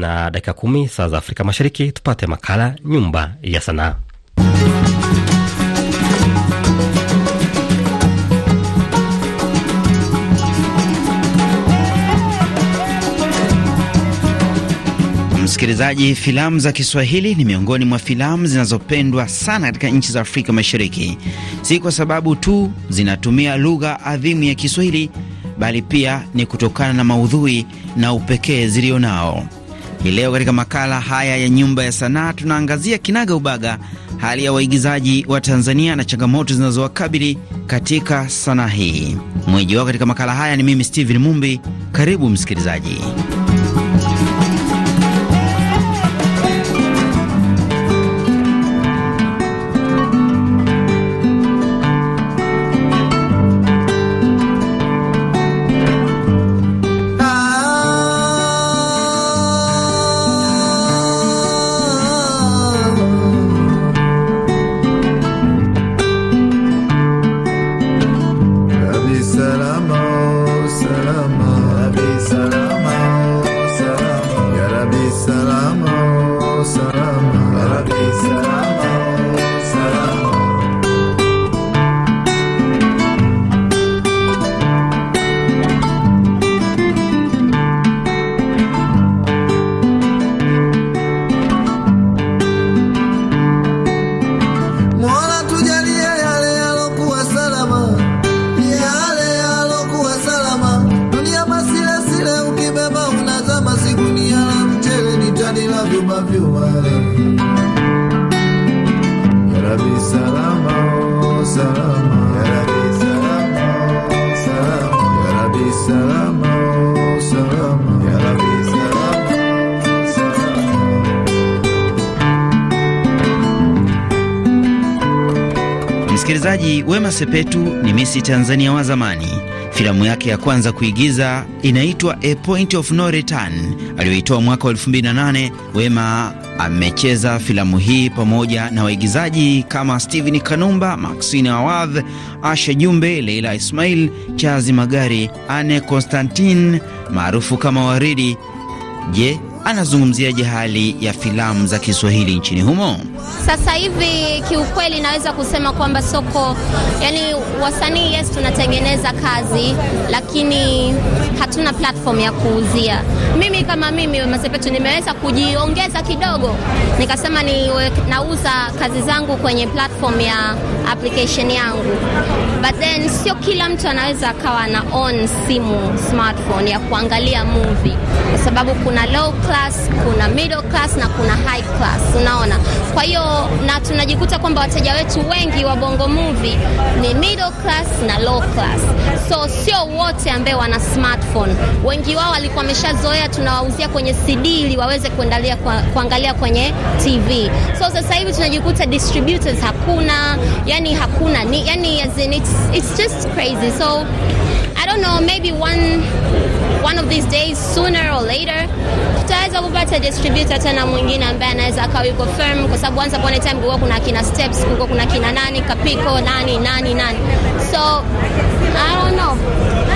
na dakika kumi saa za Afrika Mashariki tupate makala Nyumba ya Sanaa. Msikilizaji, filamu za Kiswahili ni miongoni mwa filamu zinazopendwa sana katika nchi za Afrika Mashariki, si kwa sababu tu zinatumia lugha adhimu ya Kiswahili, bali pia ni kutokana na maudhui na upekee zilionao. Hii leo katika makala haya ya nyumba ya sanaa tunaangazia kinaga ubaga hali ya waigizaji wa Tanzania na changamoto zinazowakabili katika sanaa hii. Mwenyeji wao katika makala haya ni mimi Steven Mumbi. Karibu msikilizaji. Rabbi salam, oh Rabbi salam. Msikilizaji, Wema Sepetu ni Misi Tanzania wa zamani. Filamu yake ya kwanza kuigiza inaitwa A Point of No Return aliyoitoa mwaka wa 2008. Wema amecheza filamu hii pamoja na waigizaji kama Steven Kanumba, Maxine Awadh, Asha Jumbe, Leila Ismail, Chazi Magari, Anne Constantine maarufu kama Waridi. Je, anazungumziaje hali ya filamu za Kiswahili nchini humo sasa hivi? Kiukweli naweza kusema kwamba soko, yani wasanii yes, tunatengeneza kazi lakini hatuna platform ya kuuzia. Mimi kama mimi Masepetu nimeweza kujiongeza kidogo, nikasema ni nauza kazi zangu kwenye platform ya application yangu, but then sio kila mtu anaweza akawa na own simu smartphone ya kuangalia movie, kwa sababu kuna low class, kuna middle class na kuna high class, unaona. Kwa hiyo na tunajikuta kwamba wateja wetu wengi wa bongo movie ni middle class na low class, so sio wote ambao wana smartphone. Wengi wao walikuwa wameshazoea tunawauzia kwenye CD ili waweze kuendelea kuangalia kwenye TV. So sasa hivi tunajikuta distributors hakuna, yani yani hakuna ni, yani as in it's, it's just crazy so I don't know maybe one one of these days sooner or later tutaweza kupata distributor tena mwingine ambaye anaweza akawa yuko firm, kwa sababu once upon a time kulikuwa kuna kina steps, kulikuwa kuna kina nani kapiko nani nani nani so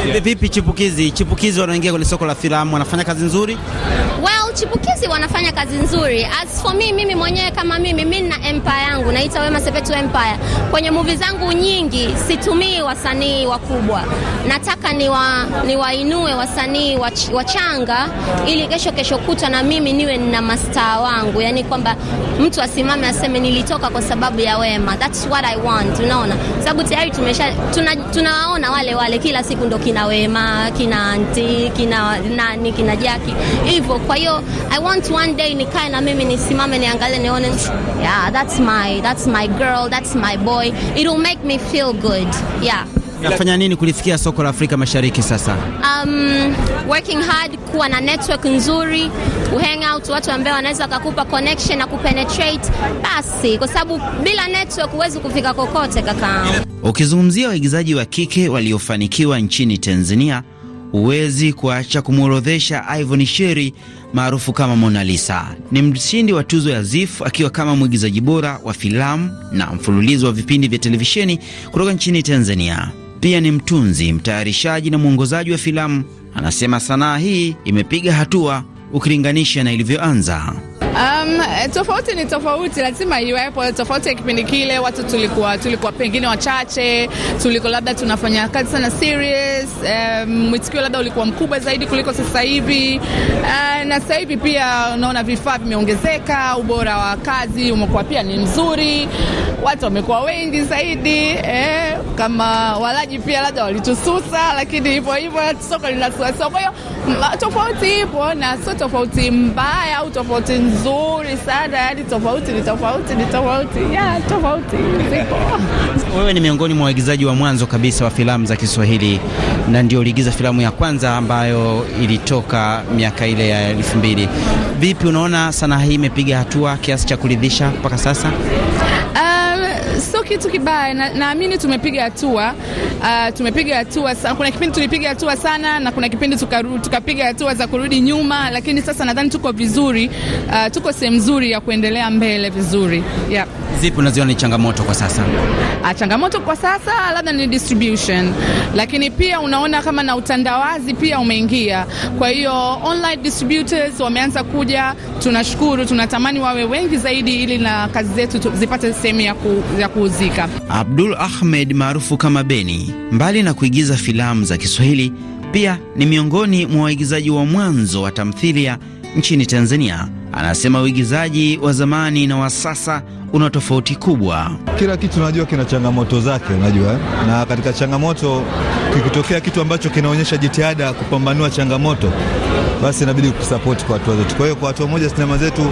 I Vipi chipukizi? Chipukizi wanaingia kwenye soko la filamu wanafanya kazi nzuri? Well, chipukizi wanafanya kazi nzuri. As for me, mimi mwenyewe kama mimi mimi na empire yangu naita Wema Sepetu Empire. Kwenye movie zangu nyingi situmii wasanii wakubwa. Nataka niwainue wa, ni wasanii wachanga ili kesho kesho kutwa na mimi niwe na mastaa wangu. Yaani kwamba mtu asimame aseme nilitoka kwa sababu ya Wema. That's what I want. Unaona? Sababu tayari tumesha tunawaona tuna na wale wale kila siku ndo kina Wema, kina anti, kina nani, kina Jaki hivyo. Kwa hiyo I want one day nikae na mimi nisimame niangalie nione, yeah, that's my that's my girl, that's my boy, it will make me feel good yeah. Nafanya nini kulifikia soko la Afrika Mashariki sasa? Um, working hard, kuwa na network nzuri, hang out watu ambao wanaweza kukupa connection na kupenetrate basi, kwa sababu bila network huwezi kufika kokote kaka. Ukizungumzia waigizaji wa kike waliofanikiwa nchini Tanzania, huwezi kuacha kumworodhesha Ivon Sheri maarufu kama Mona Lisa. Ni mshindi wa tuzo ya ZIFF akiwa kama mwigizaji bora wa filamu na mfululizo wa vipindi vya televisheni kutoka nchini Tanzania. Pia ni mtunzi, mtayarishaji na mwongozaji wa filamu. Anasema sanaa hii imepiga hatua ukilinganisha na ilivyoanza. Um, tofauti ni tofauti, lazima iwepo tofauti. Ya kipindi kile watu tulikuwa tulikuwa pengine wachache, tulikuwa labda tunafanya kazi sana serious, um, mwitikio labda ulikuwa mkubwa zaidi kuliko sasa hivi uh, na sasa hivi pia unaona vifaa vimeongezeka, ubora wa kazi umekuwa pia ni mzuri, watu wamekuwa wengi zaidi eh, kama walaji pia labda walitususa, lakini hivyo hivyo soko linasuasua. Kwa hiyo tofauti ipo na sio tofauti mbaya au tofauti nzuri nzuri sana, yani tofauti ni tofauti ni tofauti ya tofauti zipo. Wewe ni miongoni mwa waigizaji wa mwanzo kabisa wa filamu za Kiswahili na ndio uliigiza filamu ya kwanza ambayo ilitoka miaka ile ya elfu mbili. Vipi unaona sanaa hii imepiga hatua kiasi cha kuridhisha mpaka sasa? Uh, kitu kibaya. Naamini na tumepiga hatua uh, tumepiga hatua. Kuna kipindi tulipiga hatua sana na kuna kipindi tukapiga tuka hatua za kurudi nyuma, lakini sasa nadhani tuko vizuri uh, tuko sehemu nzuri ya kuendelea mbele vizuri yep. Zipi unaziona ni changamoto kwa sasa? A, ah, changamoto kwa sasa labda ni distribution, lakini pia unaona kama na utandawazi pia umeingia, kwa hiyo online distributors wameanza kuja. Tunashukuru, tunatamani wawe wengi zaidi, ili na kazi zetu zipate sehemu ya ku, ya ku kupumzika. Abdul Ahmed maarufu kama Beni, mbali na kuigiza filamu za Kiswahili, pia ni miongoni mwa waigizaji wa mwanzo wa tamthilia nchini Tanzania. Anasema uigizaji wa zamani na wa sasa una tofauti kubwa. Kila kitu unajua kina changamoto zake, unajua, eh? na katika changamoto kikitokea kitu ambacho kinaonyesha jitihada kupambanua changamoto, basi inabidi kusapoti kwa hatua zetu Kwa hiyo kwa hatua moja sinema zetu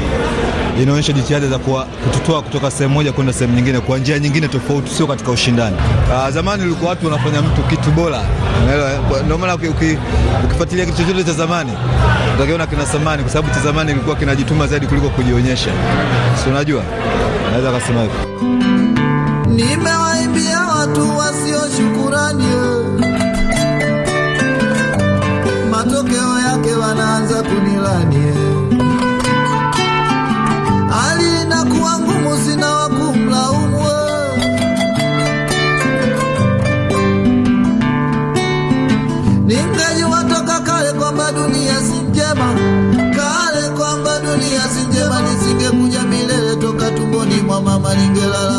inaonyesha jitihada za kututoa kutoka sehemu moja kwenda sehemu nyingine kwa njia nyingine tofauti, sio katika ushindani. Aa, ah, zamani ilikuwa watu wanafanya mtu kitu bora, ndio maana ukifuatilia kitu chochote cha zamani utakiona kina samani, kwa sababu cha zamani ilikuwa kinajituma zaidi kuliko kujionyesha. Si unajua, naweza kusema hivyo. Nimewaimbia watu wasio shukurani, matokeo yake wanaanza kunilani kazi njema milele toka tumboni mwa mama Lingelala.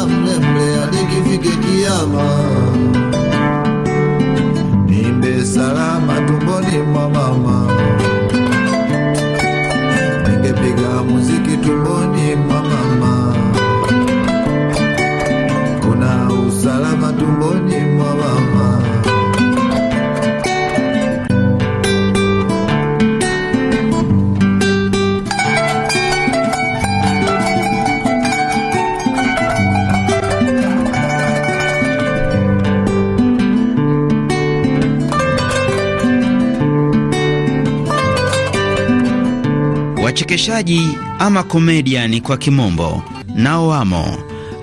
Wachekeshaji ama komedian kwa kimombo nao wamo.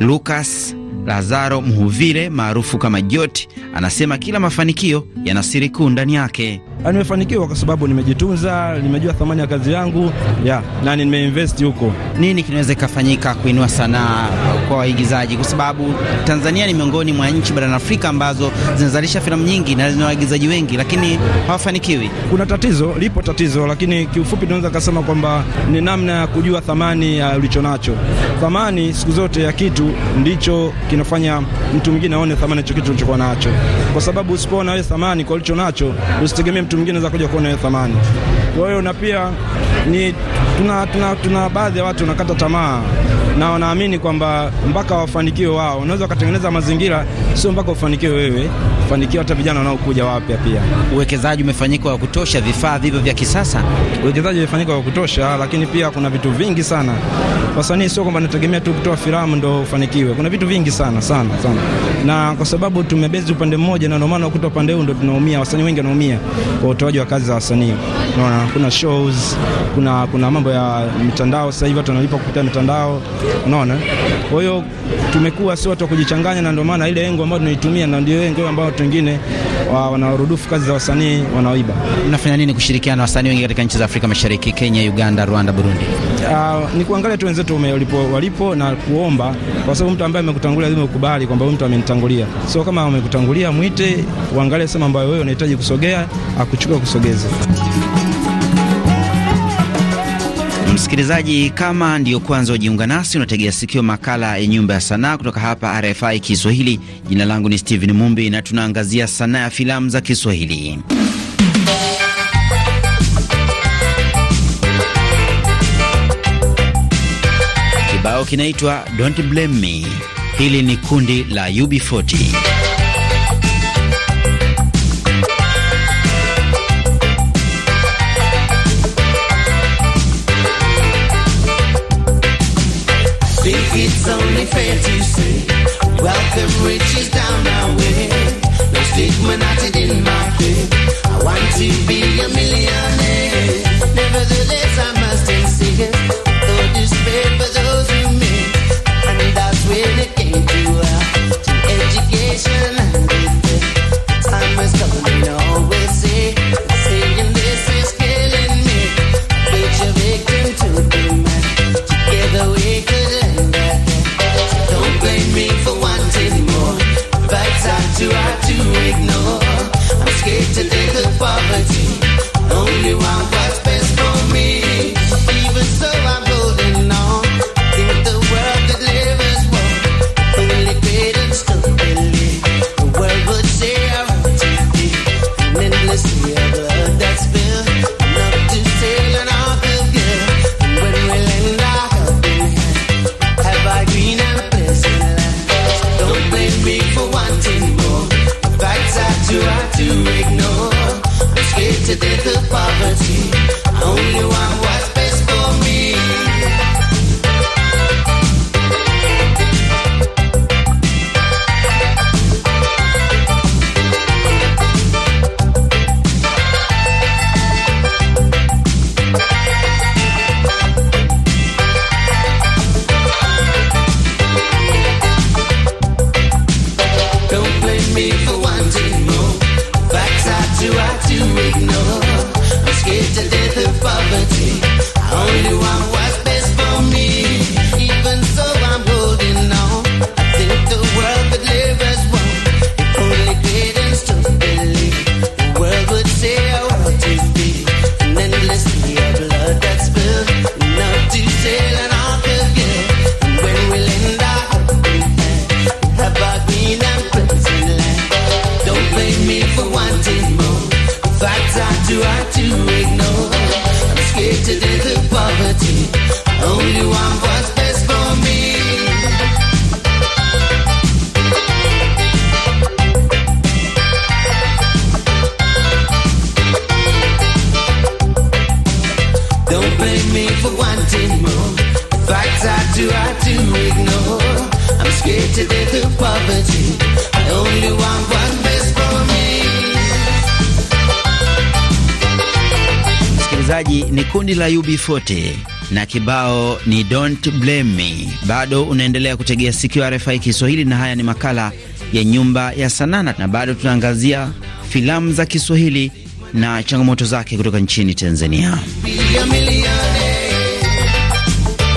Lucas Lazaro Mhuvile maarufu kama Joti anasema kila mafanikio yana siri kuu ndani yake nimefanikiwa kwa sababu nimejitunza, nimejua thamani ya kazi yangu yeah, na nimeinvest huko. Nini kinaweza kikafanyika kuinua sanaa kwa waigizaji? Kwa sababu Tanzania ni miongoni mwa nchi barani Afrika ambazo zinazalisha filamu nyingi na zina waigizaji wengi, lakini hawafanikiwi. Kuna tatizo, lipo tatizo, lakini kiufupi tunaweza kusema kwamba ni namna ya kujua thamani ya ulicho nacho. Thamani siku zote ya kitu ndicho kinafanya mtu mwingine aone thamani ya kitu ulichokuwa nacho, kwa sababu usipoona wewe thamani kwa ulicho nacho usitegemee mtu mwingine anaweza kuja kuona thamani. Kwa hiyo na pia ni tuna, tuna, tuna baadhi ya watu wanakata tamaa na wanaamini kwamba mpaka wafanikiwe wao. Unaweza ukatengeneza mazingira, sio mpaka ufanikiwe wewe, fanikiwa hata vijana wanaokuja wapya pia. Uwekezaji umefanyika wa kutosha, vifaa vivyo vya kisasa, uwekezaji umefanyika wa kutosha, lakini pia kuna vitu vingi sana. Wasanii sio kwamba nategemea tu kutoa filamu ndo ufanikiwe, kuna vitu vingi sana sana sana, na kwa sababu tumebezi upande mmoja, na ndio maana ukuta upande huu ndo tunaumia, wasanii wengi wanaumia kwa utoaji wa kazi za wasanii. Unaona kuna shows, kuna kuna mambo ya mitandao, sasa hivi watu wanalipa kupitia mitandao unaona. Kwa hiyo tumekuwa sio watu wa kujichanganya, na ndio maana ile engo ambayo tunaitumia na ndio engo ambayo watu wengine kazi za wasanii wanaoiba. Mnafanya nini kushirikiana na wasanii wengi katika nchi za Afrika Mashariki, Kenya, Uganda, Rwanda, Burundi? Uh, ni kuangalia tu wenzetu walipo, walipo na kuomba, kwa sababu mtu ambaye amekutangulia lazima ukubali kwamba huyu mtu amenitangulia. So kama amekutangulia mwite, uangalie sema ambayo wewe unahitaji kusogea, akuchukua kusogeza. Msikilizaji, kama ndiyo kwanza ujiunga nasi, unategea sikio makala ya Nyumba ya Sanaa kutoka hapa RFI Kiswahili. Jina langu ni Steven Mumbi na tunaangazia sanaa ya filamu za Kiswahili. Kibao kinaitwa Don't Blame Me. Hili ni kundi la UB40. fantasy. Wealth and riches down our way. msikilizaji, ni kundi la UB40 na kibao ni Don't Blame Me. Bado unaendelea kutegea sikio RFI Kiswahili, na haya ni makala ya Nyumba ya Sanaa, na bado tunaangazia filamu za Kiswahili na changamoto zake kutoka nchini Tanzania milia, milia.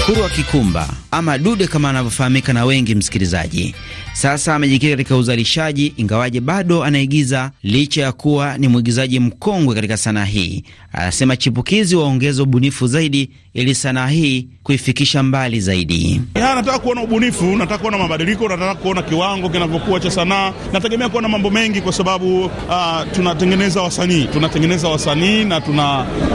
Kurwa Kikumba ama Dude kama anavyofahamika na wengi msikilizaji, sasa amejikita katika uzalishaji, ingawaje bado anaigiza licha ya kuwa ni mwigizaji mkongwe katika sanaa hii. Anasema chipukizi waongeze ubunifu zaidi ili sanaa hii kuifikisha mbali zaidi. Ya, nataka kuona ubunifu, nataka kuona mabadiliko, nataka kuona kiwango kinavyokuwa cha sanaa. Nategemea kuona mambo mengi kwa sababu uh, tunatengeneza wasanii, tunatengeneza wasanii na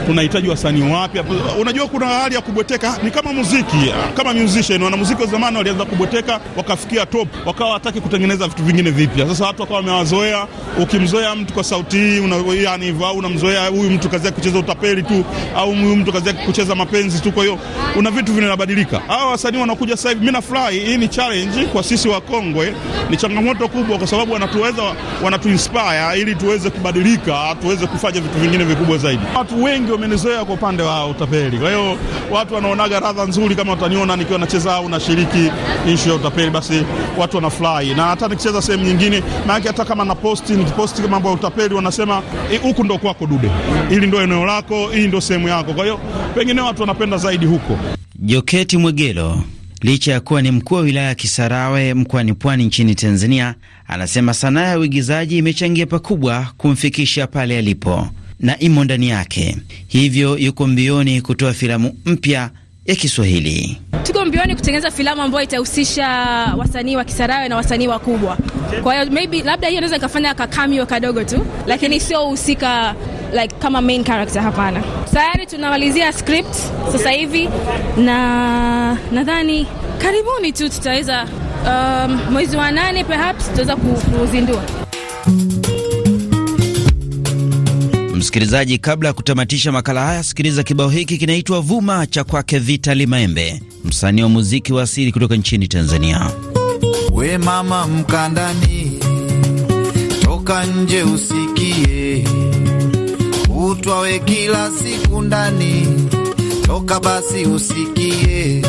tunahitaji tuna wasanii wapya. Unajua kuna hali ya kubweteka, ni kama muziki muziki. Kama musician, wana muziki wa zamani walianza kubweteka, wakafikia top, wakawa hataki kutengeneza vitu vingine vipya. Sasa watu wakawa wamewazoea. Ukimzoea mtu kwa sauti hii una, yani hivyo, au unamzoea huyu mtu kazi yake kucheza utapeli tu, au huyu mtu kazi yake kucheza mapenzi tu. Kwa hiyo una vitu vinabadilika. Hawa wasanii wanakuja sasa hivi, mimi na fly Hii ni challenge kwa sisi wa Kongwe, ni changamoto kubwa, kwa sababu wanatuweza, wanatu inspire ili tuweze kubadilika, tuweze kufanya vitu vingine vikubwa zaidi. Watu wengi wamenizoea kwa upande wa utapeli, kwa hiyo watu wanaonaga radha nzuri vizuri. kama wataniona nikiwa nacheza au nashiriki issue ya utapeli, basi watu wanafurahi, na hata nikicheza sehemu nyingine, maana hata kama na nikiposti mambo ya utapeli wanasema e, huku ndo kwako dude, ili ndo eneo lako, hii ndo sehemu yako. Kwa hiyo pengine watu wanapenda zaidi huko. Joketi Mwegelo licha ya kuwa ni mkuu wa wilaya ya Kisarawe mkoani Pwani nchini Tanzania, anasema sanaa ya uigizaji imechangia pakubwa kumfikisha pale alipo na imo ndani yake, hivyo yuko mbioni kutoa filamu mpya ya Kiswahili. Tuko mbioni kutengeneza filamu ambayo itahusisha wasanii wa Kisarawe na wasanii wakubwa, kwa hiyo maybe labda hiyo naweza nikafanya kakamio kadogo tu, lakini sio husika like kama main character hapana. Tayari tunamalizia script sasa hivi na nadhani karibuni tu tutaweza, um, mwezi wa nane perhaps tutaweza kuzindua. Msikilizaji, kabla ya kutamatisha makala haya, sikiliza kibao hiki kinaitwa Vuma cha kwake Vitali Maembe, msanii wa muziki wa asili kutoka nchini Tanzania. We mama mkandani, toka nje usikie, utwawe kila siku ndani, toka basi usikie,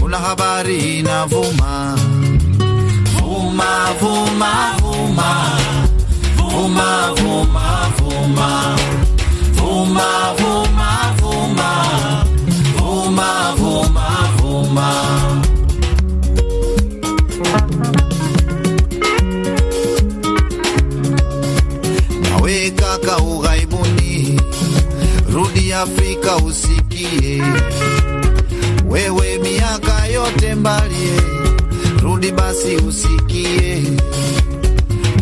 kuna habari inavuma. Vuma, vuma, vuma, vuma, vuma, vuma vuma, vuma, vuma, vuma, vuma, vuma, vuma. Nawe kaka ughaibuni, rudi Afrika usikie, wewe miaka yote mbalie rudi basi usikie,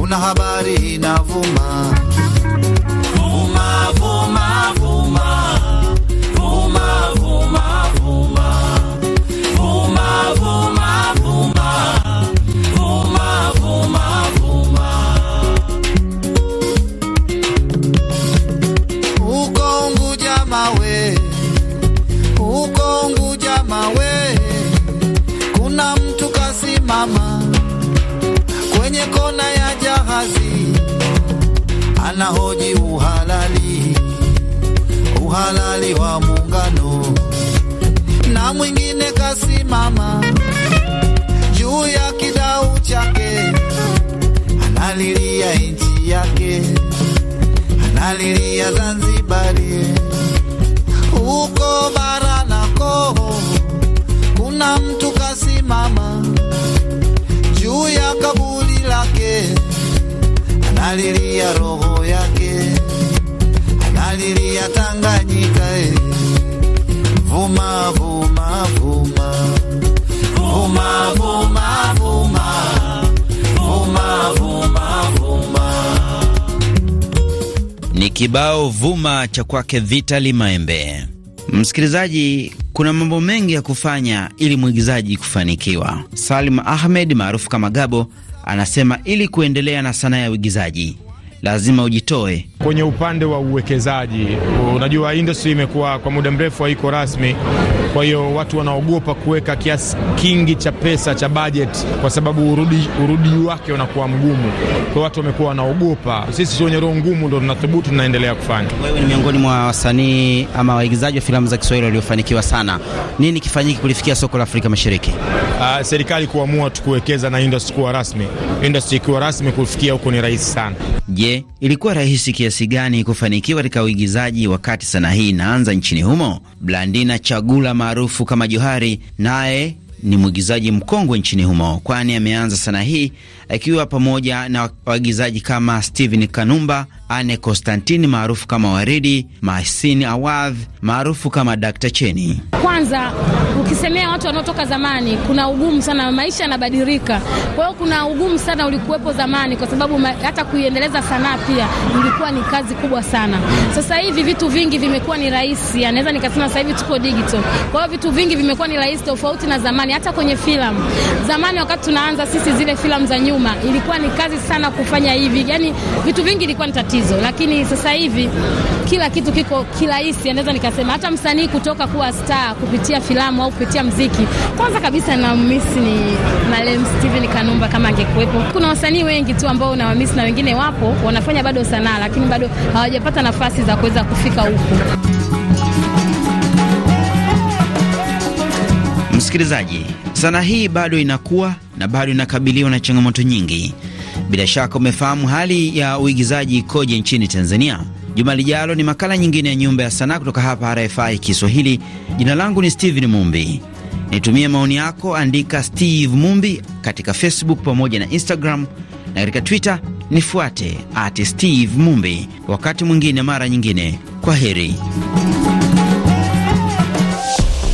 una habari inavuma wanahoji uhalali, uhalali wa muungano, na mwingine kasimama juu ya kidau chake, analilia nchi yake, analilia Zanzibari. Huko bara koho, kuna mtu kasimama juu ya kaburi lake analilia roho vyake analilia Tanganyika, eh. vuma vuma vuma vuma vuma vuma vuma vuma vuma. Ni kibao vuma cha kwake Vitali Maembe. Msikilizaji, kuna mambo mengi ya kufanya ili mwigizaji kufanikiwa. Salim Ahmed maarufu kama Gabo anasema ili kuendelea na sanaa ya uigizaji lazima ujitoe kwenye upande wa uwekezaji. Unajua industry imekuwa kwa muda mrefu haiko rasmi kwa hiyo watu wanaogopa kuweka kiasi kingi cha pesa cha bajeti, kwa sababu urudi, urudi wake unakuwa mgumu. Kwa watu wamekuwa wanaogopa. Sisi wenye roho ngumu ndo tunathubutu, tunaendelea kufanya. Wewe ni miongoni mwa wasanii ama waigizaji wa filamu za Kiswahili waliofanikiwa sana, nini kifanyiki kulifikia soko la Afrika Mashariki? Uh, serikali kuamua tu kuwekeza na industry kuwa rasmi, industry ikiwa rasmi kufikia huko ni rahisi sana. Je, ilikuwa rahisi kiasi gani kufanikiwa katika uigizaji wakati sanaa hii inaanza nchini humo? Blandina Chagula maarufu kama Johari, naye ni mwigizaji mkongwe nchini humo, kwani ameanza sanaa hii akiwa pamoja na waigizaji kama Steven Kanumba Anne Constantine maarufu kama Waridi, Masini Awadh maarufu kama Dr. Cheni. Kwanza ukisemea watu wanaotoka zamani, kuna ugumu sana, maisha yanabadilika. Kwa hiyo kuna ugumu sana ulikuwepo zamani, kwa sababu ma, hata kuiendeleza sanaa pia ilikuwa ni kazi kubwa sana. Sasa hivi vitu vingi vimekuwa ni rahisi, anaweza nikasema sasa hivi tuko digital. Kwa hiyo vitu vingi vimekuwa ni rahisi tofauti na zamani, hata kwenye filamu. Zamani wakati tunaanza sisi, zile filamu za nyuma, ilikuwa ni kazi sana kufanya hivi, yani vitu vingi ilikuwa ni tatizo tatizo, lakini sasa hivi kila kitu kiko kirahisi. Naweza nikasema hata msanii kutoka kuwa star kupitia filamu au kupitia mziki. Kwanza kabisa namisi ni malem Steven Kanumba, kama angekuwepo. Kuna wasanii wengi tu ambao na miss na wengine wapo wanafanya bado sanaa, lakini bado hawajapata nafasi za kuweza kufika huku Msikilizaji, sanaa hii bado inakuwa na bado inakabiliwa na changamoto nyingi bila shaka umefahamu hali ya uigizaji ikoje nchini Tanzania. Juma lijalo ni makala nyingine ya Nyumba ya Sanaa kutoka hapa RFI Kiswahili. Jina langu ni Steven Mumbi. Nitumie maoni yako, andika Steve Mumbi katika Facebook pamoja na Instagram, na katika Twitter nifuate at Steve Mumbi. Wakati mwingine, mara nyingine, kwa heri.